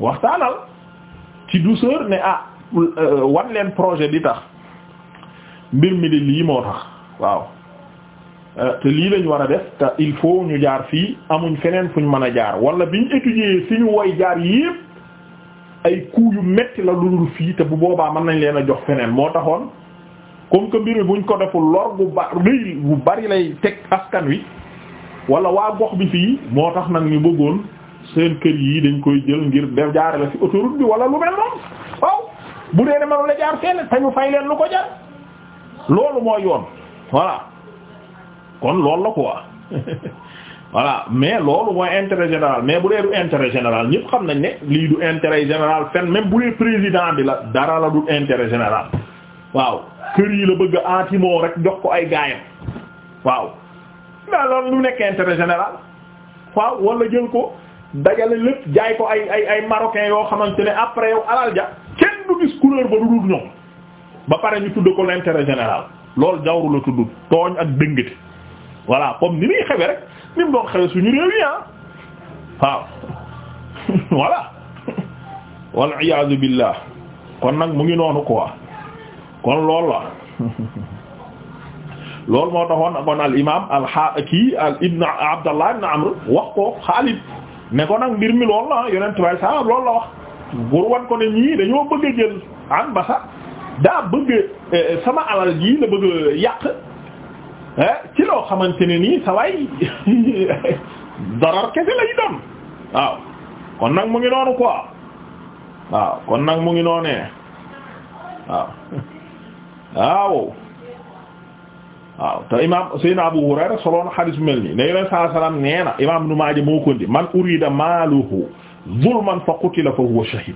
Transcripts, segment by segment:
waxtaanal ci douceur ne ah euh, wan leen projet di tax mbir mi di lii moo tax waaw euh, te lii lañu war a def te il faut ñu jaar fii amuñ feneen fuñ mën a jaar wala biñ étudier fi ñu woy jaar yépp ay coup yu metti la ludul fii te bu boobaa mën nañ leen a jox feneen moo taxoon comme que mbir buñ ko defu lor ba rëy bu bari lay teg askan wi wala waa gox bi fii moo tax nag ñu bëggoon seen kër yii dañ koy jël ngir def jaare la ci autoroute bi wala lu mel noonu waaw bu dee ne manu la jaar fenn te fay leen lu ko jar loolu mooy yoon voilà kon loolu la quoi voilà mais loolu mooy intérêt général mais bu dee du intérêt général ñëpp xam nañ ne lii du intérêt général fenn même bu dee président bi la dara la du intérêt général waaw kër yi la bëgg a antimoo rek jox ko ay gaayam waaw mais loolu lu nekk intérêt général waaw wala jël ko dajale lépp jaay ko ay ay ay marocain yoo xamante ne après yow alal ja kenn du gis couleur ba du dul ñoom ba pare ñu tudd ko l'intérêt général loolu jawru la tudd tooñ ak dëngate voilà comme ni muy xewe rek ni doon xewe suñu réew yi ah waaw voilà iyaazu billah kon nag mu ngi noonu quoi kon loolu la loolu moo taxoon kon al imaam al ha al ibn Abdallah ibn Amr wax ko Xaalid ne ko nag mbir mi loolu la yonent way sa loolu la wax pour wan ko ne ñii dañoo bëgg a jël an basa daa bëgg eh, sama alal la bëgg a yàq eh, ci loo xamante ne nii sa waay darar kese lañu doon waaw kon nag mu ngi noonu quoi waaw kon nag mu ngi noonee waaw waaw te imaam Seydina Abu Hurayra soloon xadis bu mel nii ne yoneen saa salaam nee na imaam Ibnu Maaja moo kondi man urida maaluhu zulman fa qutila fa huwa shahid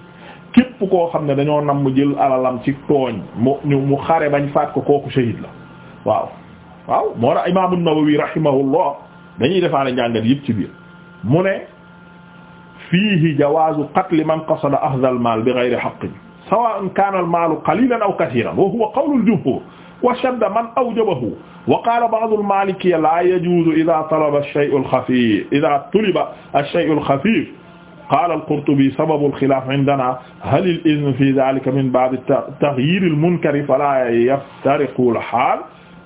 képp koo xam ne dañoo nam mu jël alalam ci tooñ mu ñu mu xare bañ faat ko kooku shahid la waaw waaw moo tax imaam An-Nawawi rahimahullah dañuy defaale njàngat yëpp ci biir mu ne fiihi jawaazu qatli man qasada axdal maal bi ghayri haqqin sawa'an kaana al maalu qalilan aw kasiiran wa huwa qawlul jumhuur wa shadda man awjabahu wa qaala ba'du al-maalikiyya laa yajuuzu idaa talaba ash-shay'u al-xafiif idaa tuliba ash-shay'u al-xafiif qaala al-Qurtubi sababu al-xilaaf indanaa hal al-idhnu fii dhaalika min baabi taghyiir al-munkari falaa yaftariqu al-haal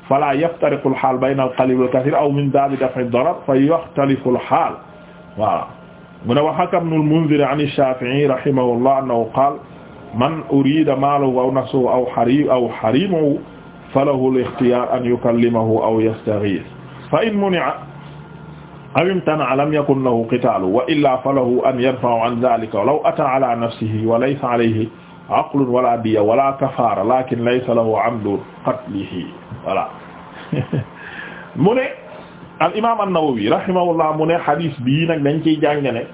falaa yaftariqu al-haal bayna al-qaliil wal-kathiir aw min baabi daf'i ad-darar fayakhtalifu al-haal waaw mu ne wa hakaa Ibnu al-Mundhir an ash-Shaafi'ii rahimahu llah annahu qaala man uriida maaluhu aw nafsuhu aw hariimahu falahu al-ixtiyaar an yukallimahu aw yastaxiis fa in muni'a aw imtana'a lam yakun lahu qitaalu wa illaa falahu an yadfa'a an zaalika law ataa alaa nafsihi wa laysa alayhi aqlun wala diyya wala kafaara laakin laysa lahu amdu qatlihi voilà mu ne al imaam an-Nawawi rahimahullah mu ne xadiis bii nag dañ ciy jàng ne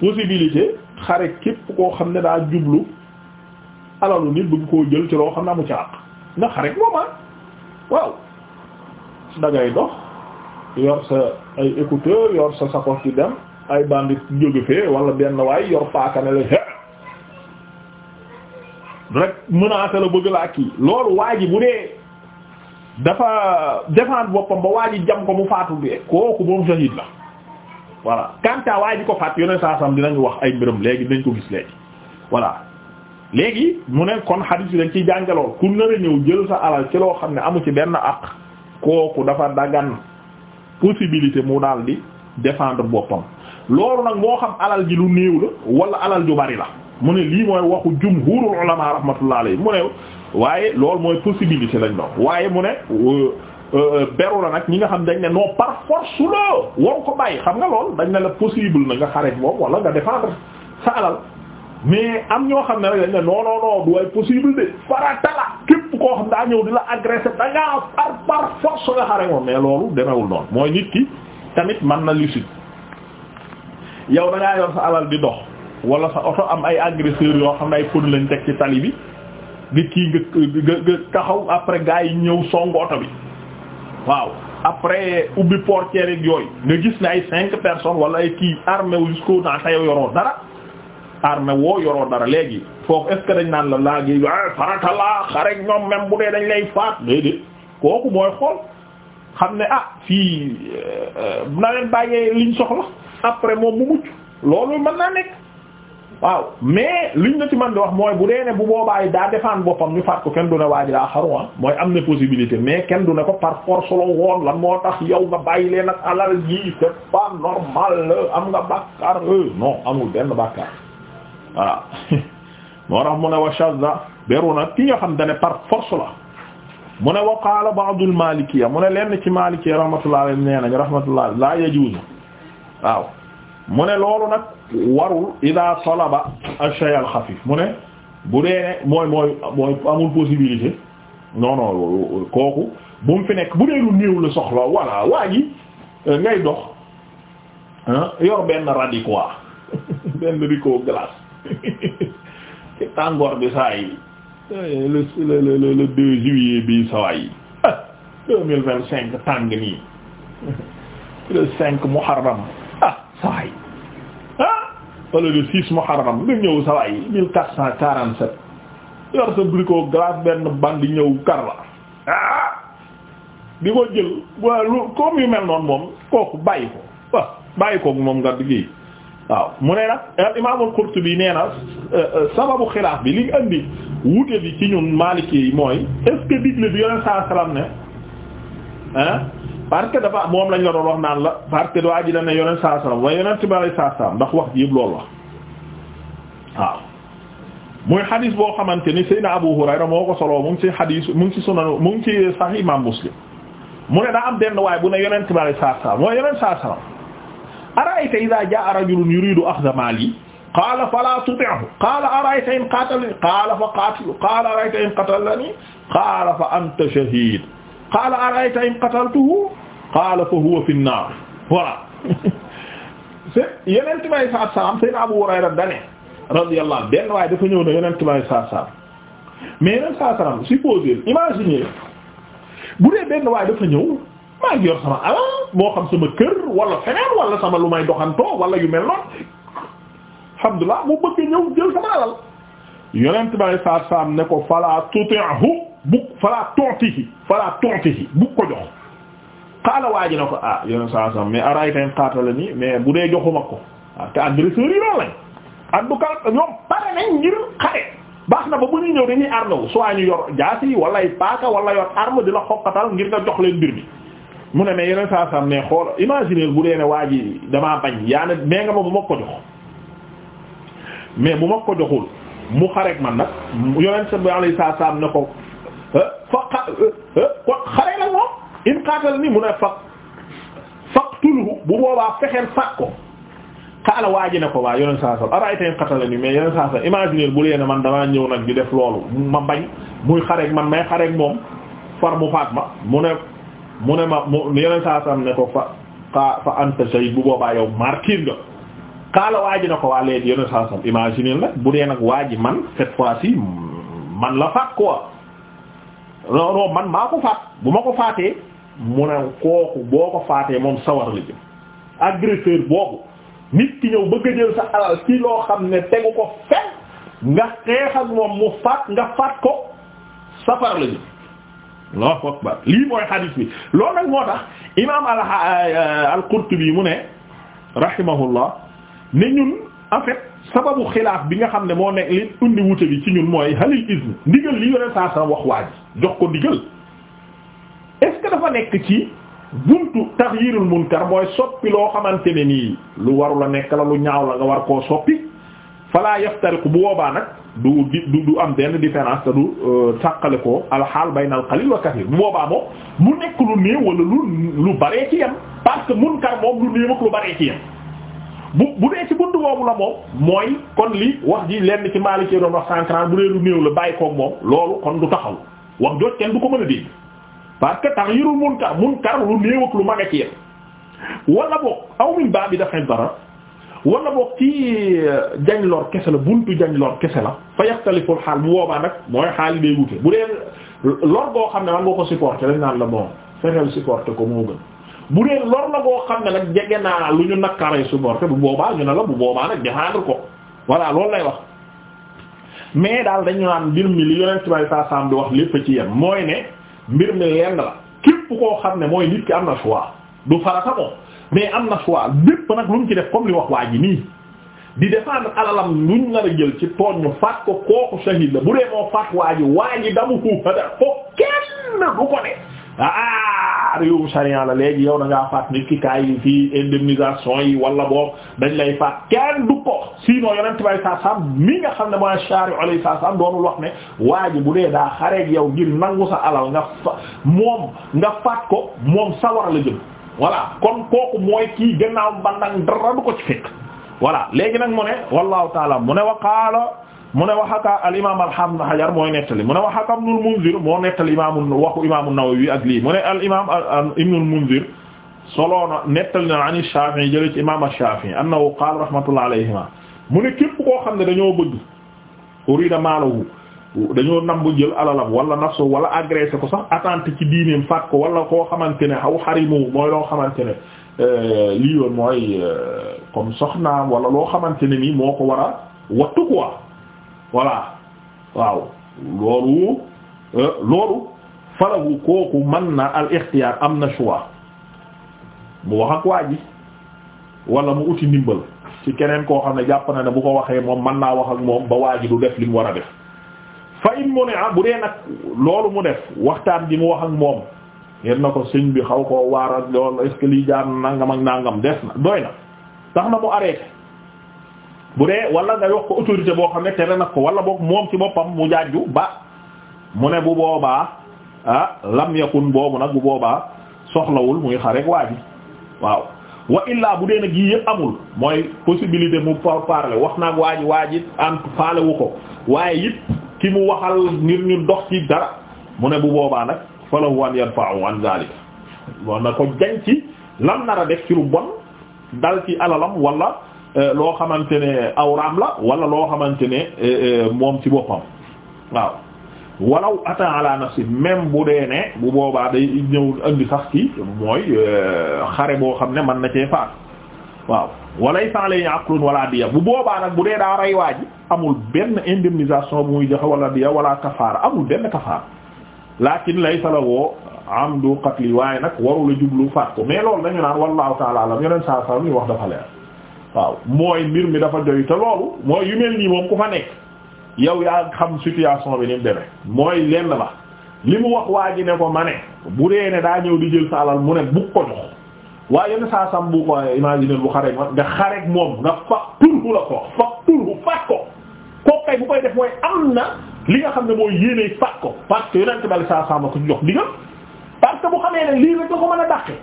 possibilité xare képp koo xam ne daa jublu alalu nit bëgg koo jël ci loo xam ne amu ci àq ndax rek mooma waaw dangay dox yor sa ay écouteur yor sa sacoche di dem ay bandit jóge fee wala benn waay yor paaka ne la rek menacé la bëgg ak kii loolu waa ji bu dee dafa défendre boppam ba waa jam ko mu faatu bee kooku moom shahid la voilà quant à ji ko faat yoneen saa sam dinañu wax ay mbiram léegi dinañ ko gis léegi voilà léegi mu ne kon xadiis bi dañ ciy jàngaloo ku nar a jël sa alal ci loo xam ne amu ci benn ak kooku dafa dagan possibilité mu daal di défendre boppam loolu nag moo xam alal ji lu néew la wala alal ju bari la mu ne lii mooy waxu jumhurul ulama rahmatullah alayhi mu ne waaye loolu mooy possibilité lañ doon waaye mu ne euh, euh, beru la nag ñi nga xam dañ ne noo par force la waru ko bàyyi xam nga lool dañ ne la possible na nga xareet boobu wala nga défendre sa alal mais am ñoo xam ne rek dañ ne non non du way possible de farata la képp koo xam daa ñëw di la agresser da ngaa par par force nga xare moom mais loolu demewul noonu mooy nit ki tamit man na lucide yow da ngaa yor sa alal di dox wala sa oto am ay agresseurs yoo xam ne ay pën lañ teg ci tali bi nga kii nga nga taxaw après gars yi ñëw song oto bi waaw après ubbi portière yooyu nga gis ne ay cinq personnes wala ay kii armé wu jusqu'au temps te yow yoroo dara. arme woo yoroo dara léegi foofu est-ce que dañ naan la laa gi ah, farata laa xarek ñoom même bu dee dañ lay faat déedéet kooku mooy xool xam ne ah fii euh, na leen bàyyee liñ soxla après moom mu mucc loolu mën naa nekk waaw mais liñ la ci mën di wax mooy bu dee ne bu boobaa daa defaan boppam ñu faat ko kenn du ne waa ji daa xaru ah mooy am na possibilité mais kenn du ne ko par force la lan moo tax yow nga bàyyi leen ak alal ji c'est pas normal am nga bàkkaar euh, non amul benn bàkkaar voilà moo tax mu ne wa shadda beru nag ki nga xam ne par force la mu ne wa ne lenn ci maalikiyya rahmatullah alayhi nee la yajuuzu waaw mu ne loolu nag warul ida talaba ash-shay' mu ne bu dee ne mooy mooy mooy amul possibilité non kooku bu mu fi nekk bu dee lu néew la soxla voilà waa ji euh, ngay dox yor benn radis benn rico glace ci tàngoor bi saa eh, le le le le deux juillet bi sawaay yi ah, deux mille vingt cinq tàng nii le cinq muharram ah sawaay ah wala le six muharram nga ñëw sawaay yi quatre cent quarante sept yor sa bricot glace benn ñëw kar la ah, di ko jël waa lu comme yu mel noonu moom kooku bàyyi ko waaw ah, bàyyi koog moom nga waaw mu ne nag Imaam al-Qurtubi nee na euh, euh, sababu xilaaf bi li andi wuute bi ci ñun Maliki yi mooy est-ce que digle bi yoneen saa salaam ne ah parce que dafa moom lañ la doon wax naan la parce que waa ji da ne yoneen saa salaam waaye yoneen tubaab saa salaam ndax wax ji yëpp loolu la waaw. muy xadis boo xamante ni Seydina Abu Hurayra moo ko soloo mu ngi ci xadis mu ngi ci sunan mu ngi ci Sahih Imam Muslim mu ne daa am benn waay bu ne yoneen tubaab saa salaam waaye yoneen ara'ayta idha jaa'a rajulun yuridu akhdha maali qaala falaa tuti'hu qaala ara'ayta in qaatalani qaala fa qaatilu qaala ara'ayta in qatalani qaala fa anta shahiid qaala ara'ayta in qataltuhu qaala fa huwa fi an-naar voilà Yonent bi alayhi salaatu wa salaam Seydina Abu Hurayra dane radiyallahu anhu benn waaye dafa ñëw ne Yonent bi alayhi salaatu wa salaam mais Yonent bi alayhi salaatu wa salaam supposé imaginer bu dee benn waaye dafa ñëw maa ngi yor sama alal moo xam sama kër wala feneen wala sama lu may doxantoo wala yu mel noonu alhamdulillah mu bëgg ñëw jël sama alal yonent ba ay saam ne ko falaa tuti'hu bu falaa tu'tihi falaa tu'tihi bu ko jox xaala waa ji na ko ah yonent saar saam mais arayta in qatalani mais bu dee joxuma ko ah te agresseurs yi loolu lañ en tout cas ñoom pare ngir xare baax na ba bu ñuy ñëw dañuy arme wu soit ñu yor jaasi wala ay paaka wala yor arme di la xokkatal ngir nga jox leen mbir mi mu ne mais yeneen saa saam mais xool imaginer bu leene ne waa ji damaa bañ yaa ne mais nga ma bu ma ko jox mais bu ma ko joxul mu xareeg man nag yonent bi alayhi salaam ne ko eh, fa eh, eh, ko xare la moom in qaatal ni mu ne fa faqtuluhu bu boobaa fexeel faat ko xaala waa ji ne ko waa yonent saa saam ara'ayta in qatala mais yonent saa saam bu dee man damaa ñëw nag di def loolu ma bañ muy xareeg man may xareeg moom far mu faat ma mu ne. mu ne ma mu yeneen saa sam ne ko fa fa fa anta shahid bu boobaa yow martyr nga xaala waa ji na ko waa léegi yeneen saa sam imaginer nag bu dee nag waa ji man cette fois-ci man la faat quoi non non man maa ko faat bu ma ko faatee mu ne kooku boo ko faatee moom sawar la jëm agresseur boobu nit ki ñëw bëgg a jël sa alal ci loo xam ne tegu ko fekk nga xeex ak moom mu faat nga faat ko safar la jëm Allahu akbar lii mooy xadiis bi loolu nag moo tax imaam al euh, al-Qurtubi mu ne rahimahullah ne ñun en fait sababu xilaaf bi nga xam ne moo nekk li undi wute bi ci ñun mooy halil ism ndigal li yoneen saa sa wax waa ji jox ko ndigal est-ce que dafa nekk ci buntu taxyirul munkar mooy soppi loo xamante ne nii lu waru la nekk la lu ñaaw la nga war koo soppi fala yaftariqu bu boobaa nag du du du am benn différence te du euh, tàqale ko alxaal bayna al qalil wa kathir bu boobaa moom mu nekk lu néew wala lu lu baree ci yem parce que munkar moom lu néew ak lu baree ci yem bu dee ci bunt boobu la moom mooy kon li wax ji lenn ci Maalik doon wax cent bu dee lu néew la bàyyi koog moom loolu kon du taxaw wax jot kenn du ko mën a dégg parce que taxyirul munkar munkar lu néew ak lu mag a ci yem wala boog aw min baabi dafay dara. wala boo ci euh, jañ lor kese la buntu jañ lor kese la fa yaxtaliful xaal bu boobaa nag mooy xaal day wute bu dee lor goo xam ne man nga ko supporter dañ daan la bon fexeel supporter ko moo gën bu dee lor la goo xam ne nag jege naa lu ñu nakkaree supporter bu boobaa ñu ne la bu boobaa nag défendre ko voilà loolu lay wax mais daal dañu naan mbir mi li yonent bay sa sam bi wax lépp ci yem mooy ne mbir mi lenn la képp koo xam ne mooy nit ki am na choix du mais am na choix bépp nag lu mu ci def comme li wax waa ji nii di défendre alalam luñ nar a jël ci tooñ ñu faat ko kooku shahid la bu dee moo faat waa ji waa ji damu ko hada ko kenn du ko ne ah réewum sharia la léegi yow na ngaa faat nit ki kaay fii indemnisation yi wala boobu dañ lay faat kenn du ko sinon yonent bay saa sam mi nga xam ne mooy shari alay saa sam doonul wax ne waa bu dee daa xareeg yow ngir nangu sa alal nga fa moom ko moom sawar la jëm voilà kon kooku mooy kii gannaaw bandang dara du ko ci fekk voilà léegi nag mu ne wallahu taala mu ne wa qaala mu ne waxaka al imam alhamd hajar mooy nettali mu ne waxaka ibnul munzir moo nettali imam waxu imam an-nawawi ak lii mu ne al imam ibnul munzir soloona nettali na an ash-shafi'i jële ci imam ash-shafi'i annahu qaala rahmatullah alayhima mu ne képp koo xam ne dañoo bëgg urida maalahu dañoo nambu jël alalam wala nafsu wala agressé ko sax atteinte ci diineem faat ko wala koo xamante ne xaw xarimu mooy loo xamante ne euh, lii yoon mooy euh, comme soxnaam walla loo xamante ne nii moo ko war a wattu quoi voilà waaw loolu euh, loolu falahu kooku mën na al ixtiyaar am na choix mu wax ak waa ji wala mu uti ndimbal ci keneen koo xam ne jàpp na ne bu ko waxee moom mën naa wax ak moom ba waa ji def li mu war a def fa in mu ne ah bu dee nag loolu mu def waxtaan ji mu wax ak moom ngeen na ko sëñ bi xaw koo waaral loolu est-ce jaar nangam ak nangam des na doy na tax na mu arrêté bu dee walla nga wax ko autorité boo xam ne tere nag ko wala boog moom ci boppam mu jaaju ba mu ne bu boobaa ah lam boobu nag bu boobaa soxlawul muy xareek waa waaw wa illaa bu dee nag yii yëpp amul mooy possibilité mu parler wax naa waa ji waa ji am faalewu ko waaye it ki mu waxal ngir ñu dox ci dara mu ne bu boobaa nag falahu an yarfa'u an zalika war na ko jañ ci lam nar a def ci lu bon dal ci alalam wala euh, loo xamante ne awraam la wala loo xamante ne euh, euh, moom ci boppam waaw walaw ata ala nafsi même bu dee ne bu boobaa day ñëw indi sax ci mooy xare boo xam ne mën na cee faat waaw walay sa alayhi aqlun wala diya bu boobaa nag bu dee daa rey waa ji amul benn indemnisation bu muy joxe wala diya wala kafaara amul benn kafaara lakin lay la woo amdu qatli waaye nag warula jublu faat ko mais loolu dañu naan wallahu taala alam yeneen saa wax dafa leer waaw mooy mbir mi dafa joy te loolu mooy yu mel nii moom ku fa nekk yow yaa xam situation bi ni mu demee mooy lenn la li mu wax waa ji ne ko ma ne bu dee ne daa ñëw di jël sa mu waaye yenn saa sam bu ko imaginer bu xareeg ma nga xareeg moom nga faq turhu la ko faq turhu faq ko kooku bu koy def mooy am na li nga xam ne mooy yéenee faq ko parce que yonent bali saa sam ko jox ndigal parce que bu xamee ne lii rek da ko mën a dàqe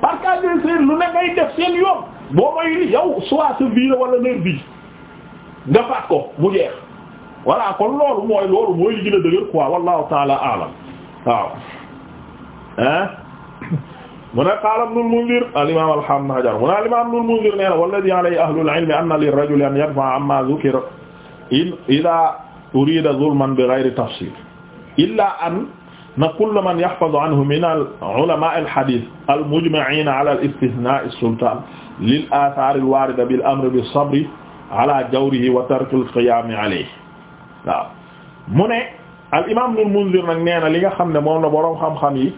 parce que adversaire lu ne ngay def seen yoon boo moy yow soit sa vie la wala nga faq ko mu jeex voilà kon loolu mooy loolu mooy li gën a dëgër quoi wallahu taala alam waaw ah mu ne qaala ibnul Munzir al-imaam al-haafiz ibn Hajar mu ne al-imaam ibnul Munzir nee na walladhii alayhi ahlul ilmi anna lirrajuli an yadfa'a ammaa dhukira idhaa uriida zulman bighayri tafsiil illaa an kulla man yahfazu anhu min ulamaa'i al-hadiith al-mujma'iina 'alaa istithnaa'i as-sultaan lil-aathaari al-waarida bil-amri bis-sabri 'alaa jawrihi wa tarki al-qiyaami 'alayhi waaw mu ne al-imaam ibnul Munzir nag nee na li nga xam ne moom la boroom xam-xam yi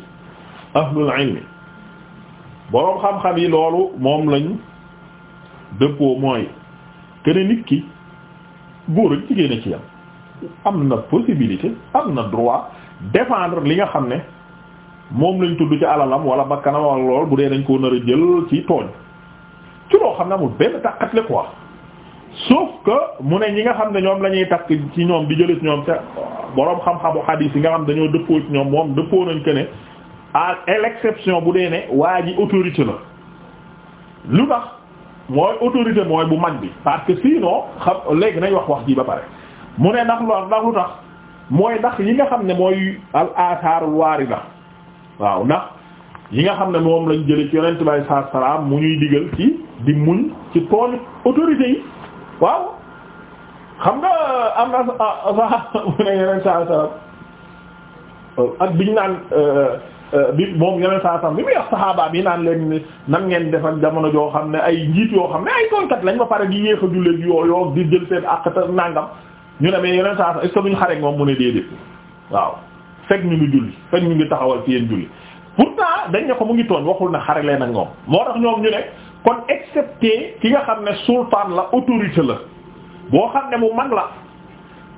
ahlul ilmi boroom xam-xam yi loolu moom lañu dëppoo mooy kene nit ki góor ak jigéen a ci yam am na possibilité am na droit défendre li nga xam ne moom lañu tudd ci alalam wala bakkanam wala lool bu dee nañ koo nar a jël ci tooñ ci loo xam ne amul benn tàqatle quoi sauf que mu ne ñi nga xam ne ñoom la ñuy takk ci ñoom di jëlee ci ñoom ca boroom xam-xamu xadiis yi nga xam dañoo dëppoo ci ñoom moom dëppoo nañ que à l'exception bu dee ne waa ji autorité la lu tax mooy autorité mooy bu mag bi parce que sinon xam léegi nañ wax wax ji ba pare mu ne ndax lu ndax lu tax mooy ndax yi nga xam ne mooy al asaarul waarida waaw ndax yi nga xam ne moom lañ jële ci yonent bi saa salaam mu ñuy digal ci di muñ ci tooñ autorité yi waaw xam nga am na sa mu ne yonent saa salaam ak biñ naan euh, Euh, bi moom yeneen saa sam bi muy wax saxaabaam yi naan leen nan ngeen def jamono joo xam ne ay njiit yoo xam ne ay tooñkat lañ ba pare di yéex a jullit yoo yoo di jël seen àqta nàngam ñu ne mais yeneen saa sam est-ce que duñ moom mu ne déedéet waaw fekk ñu ngi julli fekk ñu ngi taxawal ci yéen julli pourtant dañ ne ko mu ngi tooñ waxul ne xare leen ak ñoom moo tax ñoom ñu ne kon excepté ki nga xam ne sultan la autorité la boo xam ne mu mag la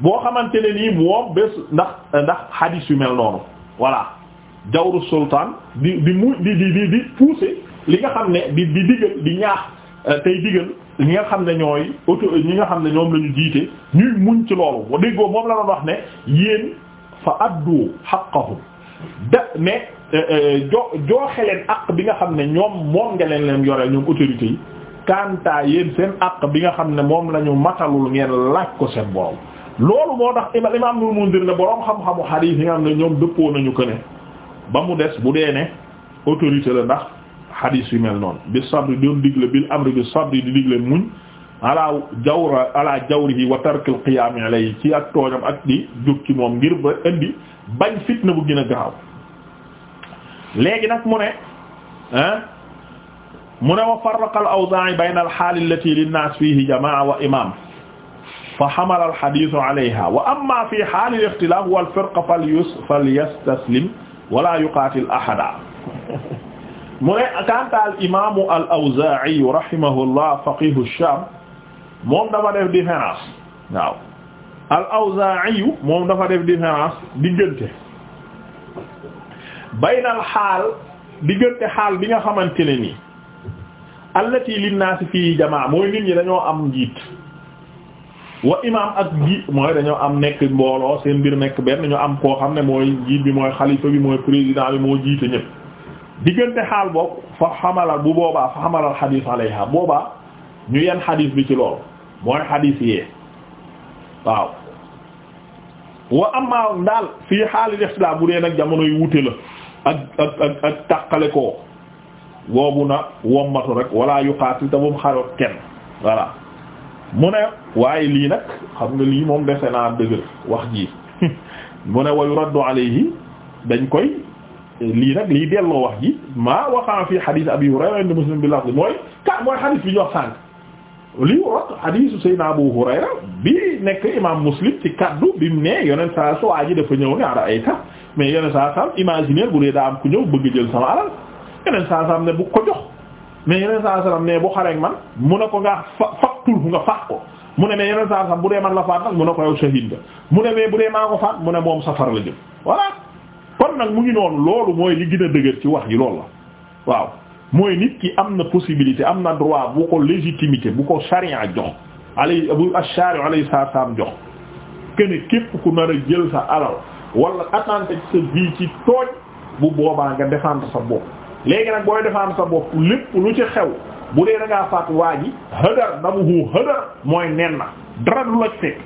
boo xamante ne nii moom ndax ndax hadis yu mel jawru sultaan di di mu di di di di li nga xam ne di di digal di ñaax euh, tey digal li nga xam ne ñooy auto ñi nga xam ne ñoom lañu ñu jiite ñuy muñ ci loolu déggoo moom la doon wax ne yéen fa addu haqqahum da mais euh, euh, jo jooxe leen àq bi nga xam ne ñoom moom nga leen leen yoreel ñoom autorités yi kanta yéen seen àq bi nga xam ne moom la ñu matalul ngeen laaj ko seen borom loolu moo tax imam Ibnul Mundir ne borom xam-xamu hadith yi nga xam ne ñoom dëppoo nañu ko ne ba mu des bu dee ne autorité la ndax xadiis yu mel noonu bi sabri doon digle bil amri bi sabri di digle muñ ala jawra ala jawrihi wa tarkil qiyaami alayhi ci ak tooñam ak di jóg ci moom ngir ba indi bañ fitna bu gën a gaaw léegi nag mu ne ah mu ne wa farraqa al-Awzaa'i bayna al-haal allati linnaas fiihi jamaa wa imaam fa hamala al-hadiisu alayhaa wa ammaa fii haalil ixtilaaf wal firqa falyus falyastaslim wala yuqaatil ahada mu ne kanta al imamu al awzaa'i rahimahullah faqihu sham moom dafa def différence waaw al awzaa'i moom dafa def différence diggante baynal xaal diggante xaal bi nga xamante ne nii allati linnaasi fii jamaa mooy nit ñi dañoo am njiit wa imam ak ji mooy dañoo am nekk mbooloo seen mbir nekk benn ñu am koo xam ne mooy jiit bi mooy xalifa bi mooy président bi moo jiite ñëpp diggante xaal boobu fa xamalal bu boobaa fa xamalal xadiis alayha boobaa ñu yenn xadiis bi ci loolu mooy xadiis yee waaw wa amma daal fii xaalil ixtilaaf bu dee nag jamono yu wute la ak ak ak ak tàqale koo boobu na wommatu rek wala yuqaatil te bu mu xaroot kenn voilà mu waaye lii nag xam nga lii moom dese naa dëgër wax ji mu ne wayu raddu alayhi dañ koy lii nag lii delloo wax ji maa waqaa fi hadith abi hurayra indi muslim bi lafz mooy ka mooy hadith bi ñu wax sànq lii wax hadith sayna abu hurayra bi nekk imam muslim ci kaddu bi mu ne yoneen saa su waa ji dafa ñëw ne ara ay tax mais yoneen saa sam imaginaire ku ñëw bëgg jël sama alal yoneen saa sam ne bu ko jox mais yeneen saa salaam ne bu xareek man mu ne ko nga fa faqtul nga faat ko mu ne mais yeneen saa salaam bu dee man la faat nag mu ne ko yow shahid mu ne mais bu dee maa ko faat mu ne moom safar la jëm voilà kon nag mu ngi noonu loolu mooy li gën a dëgër ci wax ji loolu la waaw mooy nit ki am na possibilité am na droit bu ko légitimité bu ko charia jox alay bu ashari alayhi salaam jox kene képp ku nar a jël sa alal walla attente ci sa vie ci tooñ bu boobaa nga défendre sa bopp léegi nag booy defaan sa bopp lépp lu ci xew bu dee da ngaa faat waa ji xëdar damuhu xëdar mooy nen na dara lu la fekk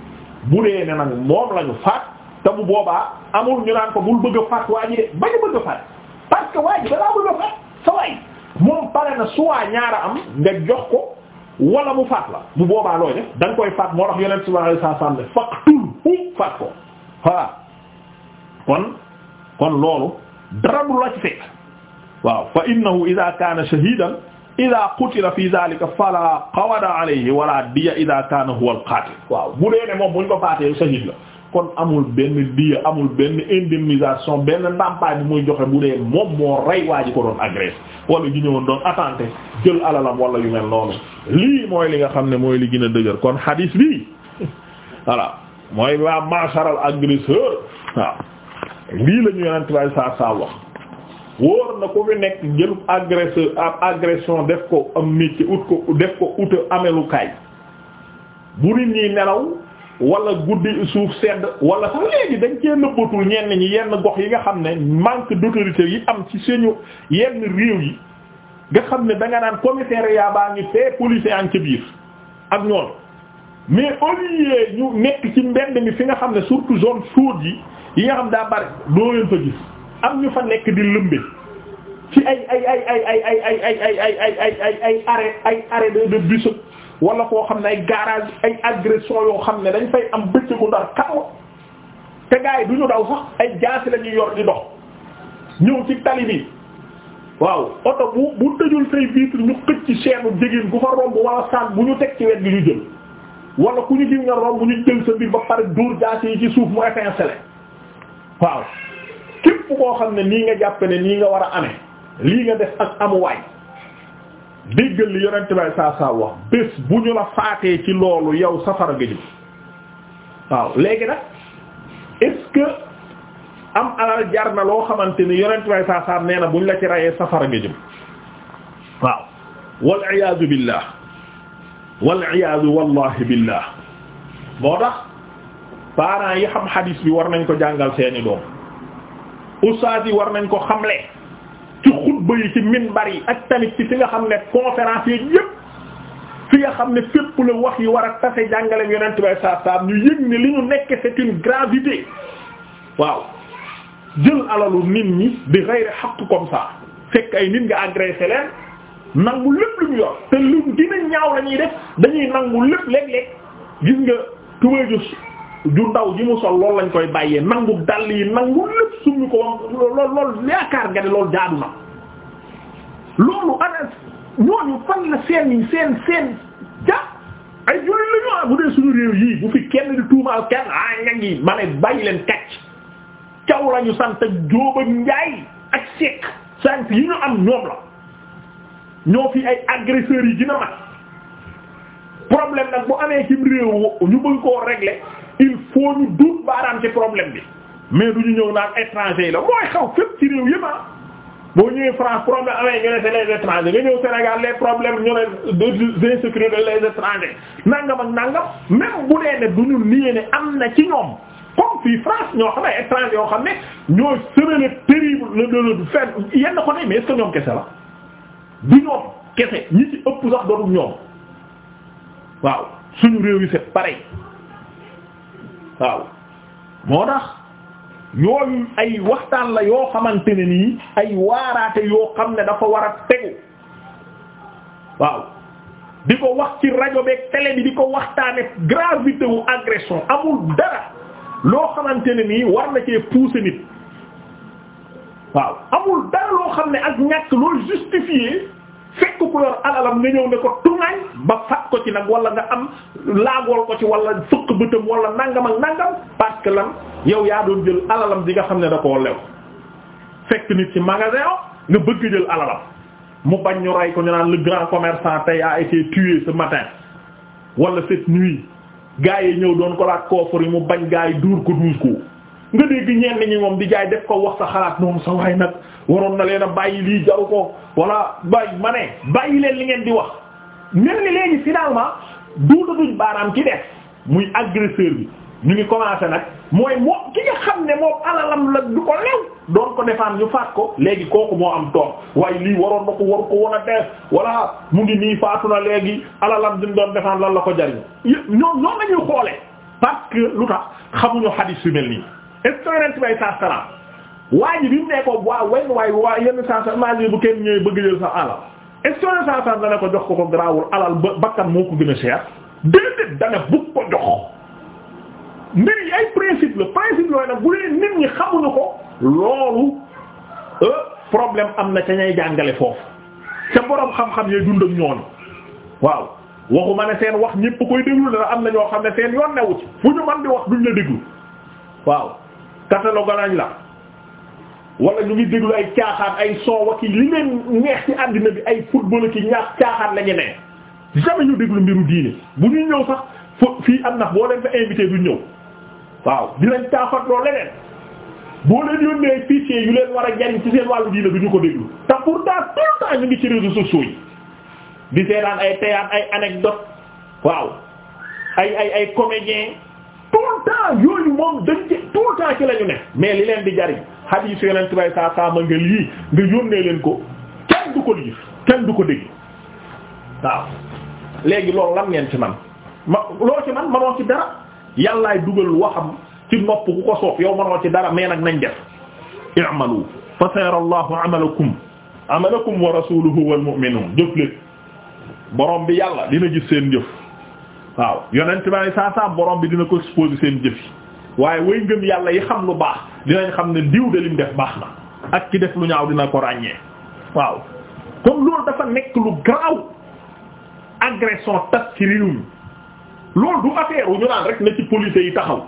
bu dee ne nag moom la faat te mu boobaa amul ñu naan ko bul bëgg a faat waa ji de bañu bëgg a faat parce que waa ji dalaa bëgg a faat sa waay moom pare na suwaa ñaara am nga jox ko wala mu faat la bu boobaa looy def da nga koy faat moo tax yonent sallallahu alayhi wasallam ne faqtulhu faat ko voilà kon kon loolu dara du la ci fekk waaw fa innahu ida kaana shahidan ida qutila fi dhalika fala qawada alayhi wala diya ida kaana huwa alqatil waaw bu ne moom buñ ko faatee shahid la kon amul benn diya amul benn indemnisation ben ndàmpaay bi muy joxe bu moom moo rey waa ji ko doon wala ji ñëwoon doon attenté jël alalam wala yu mel noonu lii mooy li nga xam ne mooy li gën a dëgër kon hadis bi voilà mooy waa macharal agresseur waaw lii la ñu yonent bay saa saa wax wóor na ko fi nekk jëlub agresseur ab agression def ko am métier ut ko def ko uta amelukaay bu nit ñi nelaw wala guddi suuf sedd wala sax léegi dañ cee nëbbatul ñenn ñi yenn gox yi nga xam ne manque d'autorité yi am ci seenu yenn réew yi nga xam ne danga nga naan commissariat baa ngi fee policier an ca biir ak ñoom mais au lieu ñu nekk ci mbedd mi fi nga xam ne surtout zone chaude yi yi nga xam daa bari doo leen fa gis am ñu fa nekk di lëmbe ci ay ay ay ay ay ay ay ay ay ay ay ay ay ay arrêt ay arrêt de de bus wala koo xam ne ay garage ay agression yoo xam ne dañ fay am bëccëgu ndar kaw te gars yi du ñu daw sax ay jaasi la ñuy yor di dox ñëw ci tali bi waaw oto bu bu tëjul say vitre ñu xëcc ci seenu jégin gu fa romb wala saan bu ñu teg ci wet gi ñu jël wala ku ñu gis nga romb ñu jël sa biir ba pare dóor jaasi yi ci suuf mu étincelle waaw képp koo xam ne nii nga jàpp ne nii nga war a amee lii nga def ak amuwaay déggal li yonent bay saa saa wax bés bu ñu la faatee ci loolu yow safara nga waaw léegi nag est am alal jar na loo xamante ni yonent bay saa saa nee na buñ la ci rayee safara nga jëm waaw wal iyaadu billah wal iyaadu wallahi billah moo tax parents yi xam hadis bi war nañ ko jàngal seeni doom ustaas yi war nañ ko xamle ci xutba yi ci minbar yi ak tamit ci fi nga xam ne conférence yi yépp nga xam ne fépp la wax yi war a tase jàngaleem yonent bay saa saam ñu yëg ne li ñu nekk c'est une gravité waaw jël alalu nit ñi di xayri xaq comme ça fekk ay nit nga agressé leen nangu lépp lu ñu te lu dina ñaaw lañuy def dañuy nangu lépp léeg-léeg gis nga tubay ju ju ndaw ji mu sol loolu lañ koy bàyyee nangu dàll yi nangu lépp summi ko wam lool lool yaakaar nga ne jaadu na loolu ana ñooñu fan la seen seen seen ay jullit la ñu ah bu dee suñu réew yii bu fi kenn di tuumaal kenn ah ña ngi ma ne bàyyi leen kàcc caw lañu sant Jóob ak Njaay ak Seck sant yi ñu am ñoom la ñoo fi ay agresseurs yi dina mat problème nag bu amee ci réew ñu bëgg koo régler il faut ñu baaraam ci problème bi mais du ñu ñëw naan étranger yi la mooy xaw fépp ci réew yëpp ah boo ñëwee France problème amee ñu ne c'est les étrangers nga ñëw Sénégal les problèmes ñu ne des insécurité les étrangers nangam ak nangam bu dee du ñu nié ne am na ci ñoom comme fii France ñoo xam ne étranger yoo xam ne ñoo sënale terrible le le fait yenn ko ne mais est-ce ñoom kese la du ñoom kese ñi ci ëpp sax dootul ñoom waaw suñu réew yi c'est waaw moo tax yooyu ay waxtaan la yoo xamante ne nii ay waaraate yoo xam ne dafa war a tegu waaw di ko wax ci rajo beeg télé bi di ko waxtaane gravité wu agression amul dara loo xamante ne nii war na cee pousser nit waaw amul dara loo xam ne ak ñàkk loolu justifié ku yor alalam nga ñëw ne ko tuŋaay ba fat ko ci nag wala nga am laagool ko ci wala fëkk bëtam wala nangam ak nangam parce que lan yow yaa doon jël alalam di nga xam ne da koo lew fekk nit ci magasin o nga bëgg mu bañ ñu rey ko ñu naan le a été tué wala cette gaa yi ñëw doon ko laaj koofar yi mu bañ gaa yi duur ko duus ko nga dégg ñenn ñi moom di jaay def ko wax sa xalaat moom sa waay nag waroon na leen a bàyyi lii jaru ko wala bàyyi ma ne bàyyi leen li ngeen di wax mel ni léegi finalement du duñ baaraam ci def muy agresseur bi ñu ngi commencé nag mooy moom ki nga xam ne moom alalam la du ko lew doon ko defaan ñu faat ko léegi kooku moo am toog waaye lii waroon na ko war ko won a def wala mu ngi nii faatu na léegi alalam duñ doon defaan lan la ko jariñ ñoom ñoom la ñuy xoolee parce que lu tax xamuñu xadis yu mel nii est ce waa ji bi mu ne ko waa wenn waay waa yenn saa saa bu kenn ñëwee bëgg jël sa alal est-ce saa saa dana ko jox ko ko garaawul alal ba bakkan moo ko gën a cher déedéet dana bugg ko jox mbir yi ay principe la yooyu nag bu leen nit ñi xamuñu ko loolu euh, problème am na ca ñay jàngale foofu ca boroom xam-xam yee dund ak ñooñu waaw waxuma ne seen wax ñépp koy déglu dana am na ñoo xam ne seen yoon newu ci fu ñu man di wax duñ la déglu waaw catalogue nañ la wala ñu ngi déglu ay caaxaat ay soowa kii li leen neex ci àddina bi ay football ki ñaax caaxaan la ñu ne jamais ñu déglu mbiru diine bu ñu ñëw sax fo fii am nax boo leen fa invité du ñëw waaw dinañ taafatloo leneen boo leen yónnee fichier yu leen war a jariñ ci seen wàllu diine du ñu ko déglu te daa tout le temps ñu ngi ci réseaux sociaux yi di seetaan ay théâtre ay anecdote waaw ay ay ay comédien tout yooyu moom dañ ci ci la ñu ne mais li leen di jariñ hadith yu yonent bay saa saa ma nga lii nga yónnee leen ko kenn du ko gis kenn du ko dégg waaw léegi loolu lan ngeen ci man ma ci man manoo ci dara yàllaay dugal waxam ci nopp ku ko soof yow manoo ci dara mais nag nañ def i'malu fa sayara allahu amalakum amalakum wa rasuluhu wal mu'minun jëf leen borom bi yàlla dina gis seen jëf waaw yonent ma ne saa saa borom bi dina ko exposer seen jëf waaye way ngëm yàlla yi xam lu baax dinañ xam ne diw de lim def baax na ak ki def mu ñaaw dina ko ràññee waaw comme loolu dafa nekk lu garaaw agression tas ci réew mi loolu du affaire wu ñu naan rek na ci police yi taxaw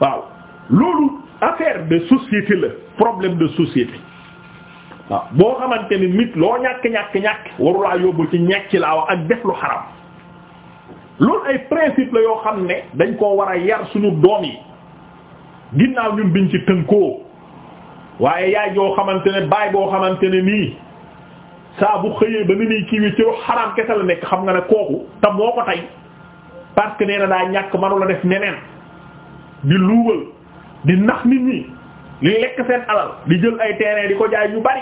waaw loolu affaire de société la problème de société waaw boo xamante ni nit loo ñàkk ñàkk ñàkk warulaa yóbbu ci ñàkk laa wax ak def lu xaram loolu ay principe la yoo xam ne dañ koo war a yar suñu doom yi ginnaaw ñun biñ ci tënkoo waaye yaay joo xamante ne baay boo xamante ne nii saa bu xëyee ba ni muy kiiwee ci xaraam kese la nekk xam nga ne kooku te moo ko tey parce nee na daa ñàkk manu la def neneen di luubal di nax nit ñi li lekk seen alal di jël ay terrain di ko jaay ñu bari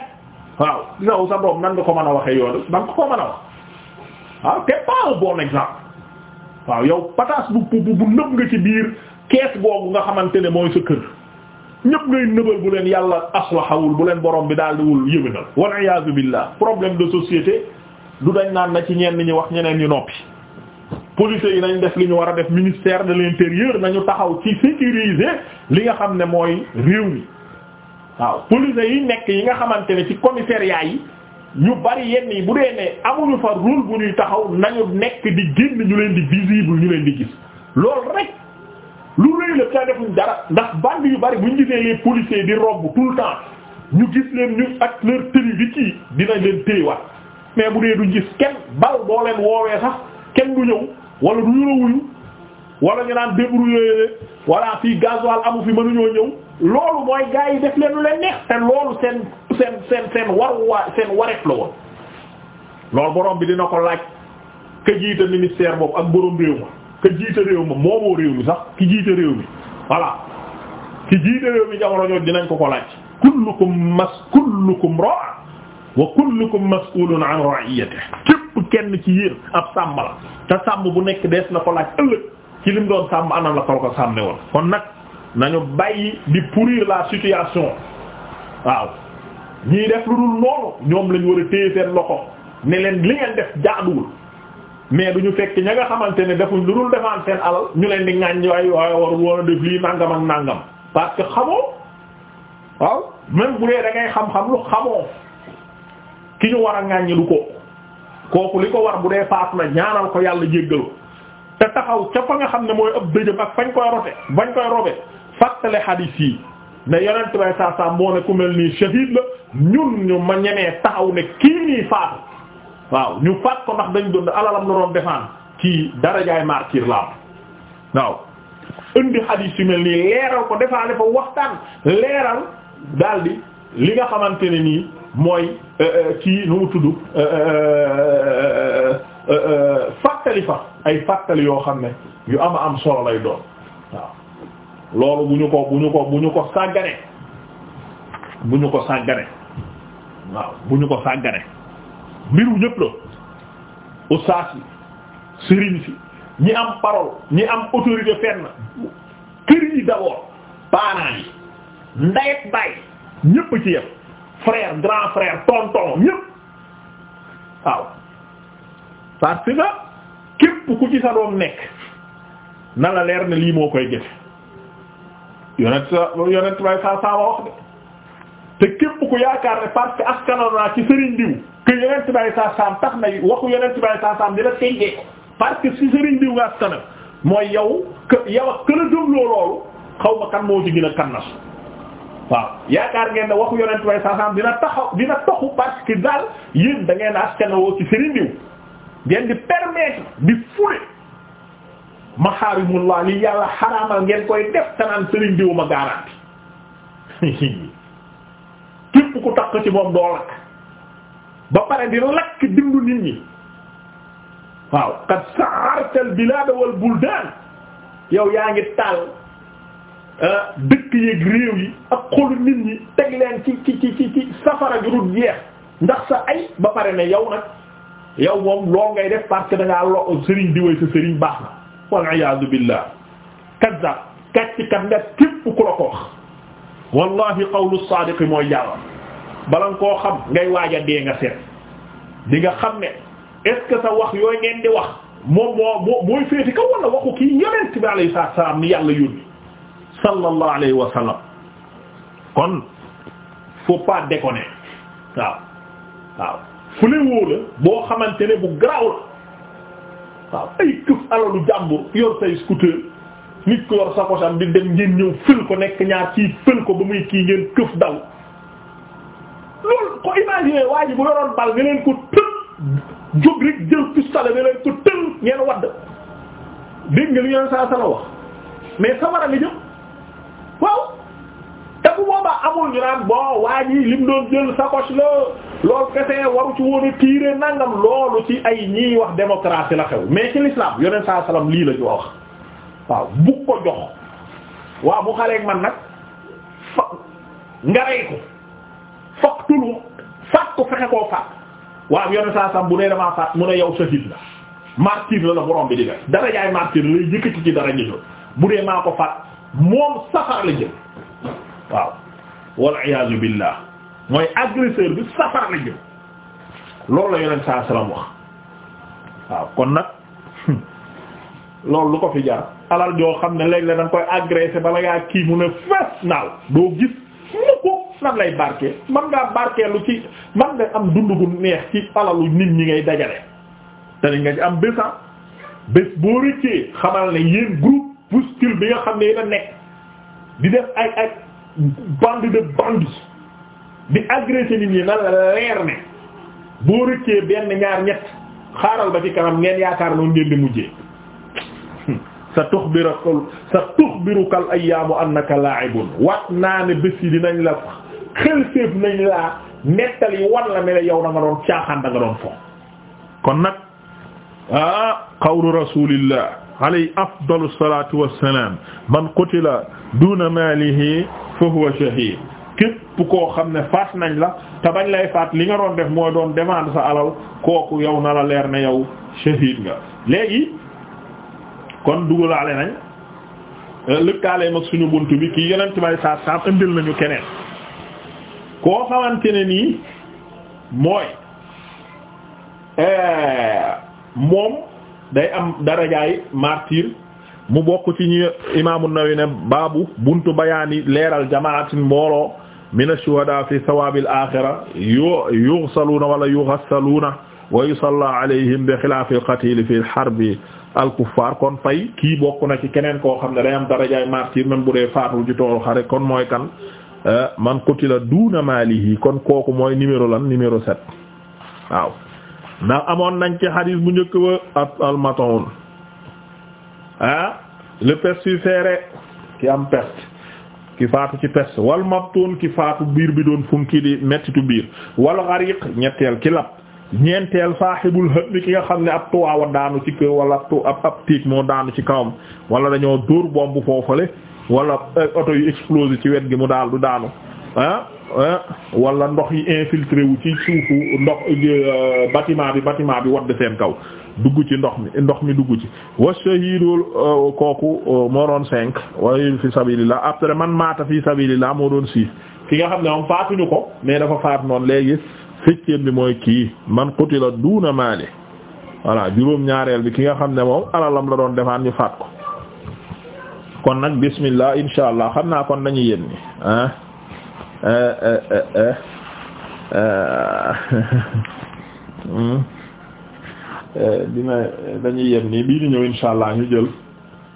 waaw saw sa doom nan nga ko mën a waxee yoonu nan nga ko mën a wax waaw c'est pas bon exemple waaw yow pataas bu bu bu nëb nga ci biir kees boobu nga xamante ne mooy sa kër ñëpp ngay nëbal bu leen yàlla aslahawul bu leen borom bi daal diwul yëwénal wal iyaazu billah problème de société du dañ naan na ci ñeen ñenn ñi wax ñeneen ñu noppi police yi nañu def li ñu war a def ministère de l'intérieur nañu taxaw ci sécuriser li nga xam ne mooy réew mi waaw police yi nekk yi nga xamante ne ci commissariat yi ñu bari yenn yi bu dee ne amuñu fa rôle bu ñuy taxaw nañu nekk di génn ñu leen di visible ñu leen di gis loolu rek lu rëy la ca defuñ dara ndax band yu bari bu buñ gisee les policiers di robb tout le temps ñu gis leen ñu ak leur tenue di kii dinañ leen téyewaat mais bu dee duñ gis kenn bal boo leen woowee sax kenn du ñëw wala du ñu la wala ñu naan débrouiller wala fii gasoil amu fi mënuñoo ñëw loolu mooy gars yi def leen lu leen neex te loolu seen seen seen seen war waa seen wareef la woon loolu borom bi dina ko laaj ka jiite ministère boobu ak borom réew ma ka réew ma moomoo réew mi sax ki jiite réew mi voilà ki réew mi jamono jooju dinañ ko ko laaj kullukum mas kullukum ra'a wa kullukum mas'ulun an ra'iyatihi képp kenn ci yéen ab sàmm la te sàmm bu nekk dees na ko laaj ëllëg ci lim doon sàmm anam la ko ko sàmme woon kon nag nañu bàyyi di pourrir la situation waaw ñii def lu dul noonu ñoom lañ war a téye seen loxo ne leen li ngeen def jaaduwul mais du ñu fekk ña nga xamante ne defuñ lu dul defaan seen alal ñu leen di ŋaññi waaye waaye warul woon a def lii nangam ak nangam parce que xamoo waaw même bu dee da ngay xam-xam lu xamoo ki ñu war a ŋaññi du ko kooku li ko war bu dee faatu na ñaanal ko yàlla jéggal ko te taxaw ca fa nga xam ne mooy ëpp dëjëm ak fañ koy rote bañ koy robe fàttale hadis yi. ne yonent bay saa saa moo ne ku mel nii shahid la ñun ñu ma ñemee taxaw ne kii nii faatu waaw ñu faat ko ndax dañ doon alalam la doon defaan ci darajaay martyr la waaw indi hadith yu mel nii leeral ko defaale fa waxtaan leeral daldi li nga xamante ne nii mooy euh, euh, kii nu mu tudd euh, fàttali fa ay fàttali yoo xam ne yu ama am solo lay doon waaw loolu bu ñu ko bu ñu ko bu ñu ko sàggane bu ñu ko sàggane waaw bu ñu ko sàggane mbiru ñëpp la ustaas yi ñi am parole ñi am autorité fenn kër yi d'abord parents yi ndey ak baay ci yëpp frère grand frère tonton ñëpp waaw parce que képp ku ci sa doom nekk na la leer ne lii moo koy gëf yonent sa yonent bay saa saa wax de te képp ku yaakaar ne parce que askanoon naa ci sëriñ diw que yonent bay saa saam tax na waxu yonent bay saa saam dina teggee ko parce que sëriñ diw nga askanoon mooy yow que yow ak loolu xaw ma kan moo ci gën kannas waaw yaakaar ngeen ne waxu yonent bay saa dina taxaw dina toxu parce que daal yéen da ngeen askanawoo ci sëriñ diw ngeen di permettre di fule maxaarimullah li yàlla xaraamal ngeen koy def tanaan sëriñ diwu ma garanti képp ku takk ci moom doo lakk ba pare di lakk dindu nit ñi waaw qad sa'arta al bilad wal buldan yow yaa ngi taal ah, dëkk yeeg réew yi ak xolu nit ñi teg leen ci ci ci ci safara ju dul jeex ndax sa ay ba pare na yow nag yow moom loo ngay def parce que da ngaa lo sëriñ di way sa sëriñ baax na wal iyaadu billah kadda kàcc kat nga képp mooy yàlla bala nga koo xam ngay waaja a dee nga seet di nga xam ne est-ce que sa wax yooyu ngeen di wax moom moo moo mooy féeti kaw wala waxu kii yonent bi alayhi salaatu wa salaam ni yàlla yónni sallallahu alayhi wa sallam kon faut pas déconner waaw fu ne wóola boo xamante bu garaaw waaw ay këf alalu jàmbur yor say scooter nit ko yor sa kosam di dem ngeen ñëw fël ko nekk ñaar kii fël ko ba muy kii ngeen këf daw loolu ko imaginer waa ji bu yoroon bal nga ko tël jóg rek jël pistolet nga leen ko tël ngeen wadd dégg nga li saa sala wax mais sawara nga jëm amul ñu naan bon waa ji lim doon jël sacoche la loolu kese waru ci woon a tiire nangam loolu ci ay ñiy wax démocratie la xew mais ci l'islam yonent saa salaam lii la ñu wax waaw bu ko jox waaw bu xaleeg man nag fa nga rey ko foog tullu faat ko fexe koo faat waaw yonent saa salaam bu nee damaa faat mu ne yow shahid la martyr la la borom bi di def dara jaay martyr lay yëkkati ci dara ñu bu dee maa ko faat moom safar la jël waaw. wal iyaazu billah mooy agresseur bi safara la jëm loolu la yonent saa salaam wax waaw kon nag loolu lu ko fi jar alal joo xam ne léeg la da nga koy agressé bala ngaa kii mu ne fees naaw doo gis mu ko nan lay barke man ngaa barkeelu ci man nga am dund gu neex ci alalu nit ñi ngay dajale te li nga am bésan ah. bés boo rëccee xamal ne yéen groupe puscule bi nga xam ne yéen nekk di def ay ay bande de bandits di agresser nit ñi na la leer ne boo rëccee ñaar ñett xaaral ba ci kanam ngeen yaakaar noonu ngeen di mujjee sa tuxbirukal sa tuxbirukal ayyaamu annaka laa'ibun wat naa ne bés yi dinañ la xel séef nañ laa nettali wan la ne yow da nga doon caaxaan da nga doon fo kon nag ah qawlu rasulillah alayhi afdalu salatu wassalam man qutila duna malihi fa huwa shahid képp koo xam ne faat nañ la te bañ lay faat li nga doon def mooy doon demande sa alal kooku yow na la leer ne yow shahid nga léegi kon dugalaale nañ euh, lëkkaale mag suñu bunt bi kii yeneen may saat saam indil nañu keneen koo xamante ne nii mooy euh, moom day am darajaay martyr mu bokk ci ñu imaamu Nawawi ne baabu buntu bayaani leeral jamaatin mbooloo mina shuhadaa fi sawaabil aaxira yu yughsaluuna wala yughassaluuna wa yusallaa alayhim bi xilaafil qatiili fil harbi kon fay kii bokk na ci keneen koo xam ne day am darajaay martyr même bu dee faatu ci xare kon mooy kan man qutila duuna maalihi kon kooku mooy numéro lan numéro sept waaw ndax amoon nañ ci xadiis bu njëkk ba al mataun ah le pestiféré ki am peste ki faatu ci peste wal mabtuun ki faatu biir bi doon funki di mettitu biir wal gariq ñetteel ki lab ñeenteel saaxibul hëtmi ki nga xam ne ab tuwaawa daanu ci kaw wala ab ab moo daanu ci kawam wala dañoo dóor bombu foofale wala eh, oto yu explose ci wet gi mu daal du daanu ah, ah wala ndox yi infiltre wu ci suufu ndox euh, bâtiment bi bâtiment bi wadd seen kaw dugg ci ndox mi ndox mi dugg ci wa shahiidul euh, kooku euh, moo doon cinq waaye fi sabilillah après man maata fi sabilillah moo doon six ki nga xam ne moom faatuñu ko mais dafa faat noonu léegi septième bi mooy kii man qutila duuna maali voilà juróom ñaareel bi ki nga xam ne moom alalam la doon defaan ñu faat ko kon nag bismillah insha allah xam naa kon nañu yéen ni ah dina euh, euh, dañuy yem nii bii di ñëw insha allah ñu jël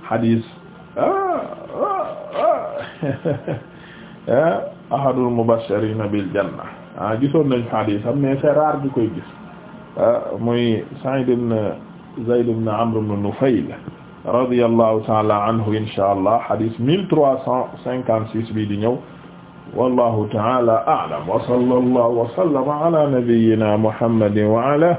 xadiis ah, ah, ah. ahadul mubashirina bil janna ah gisoon nañu xadiis am mais c'est rare bi koy gis muy Sa'id ibn Zayd ibn Amr ibn Nufayl radiyallahu ta'ala anhu insha allah xadiis mille trois cent cinquante six bii di ñëw wallahu ta'ala a'lam wa sallallahu wa sallama ala nabiyyina muhammadin wa ala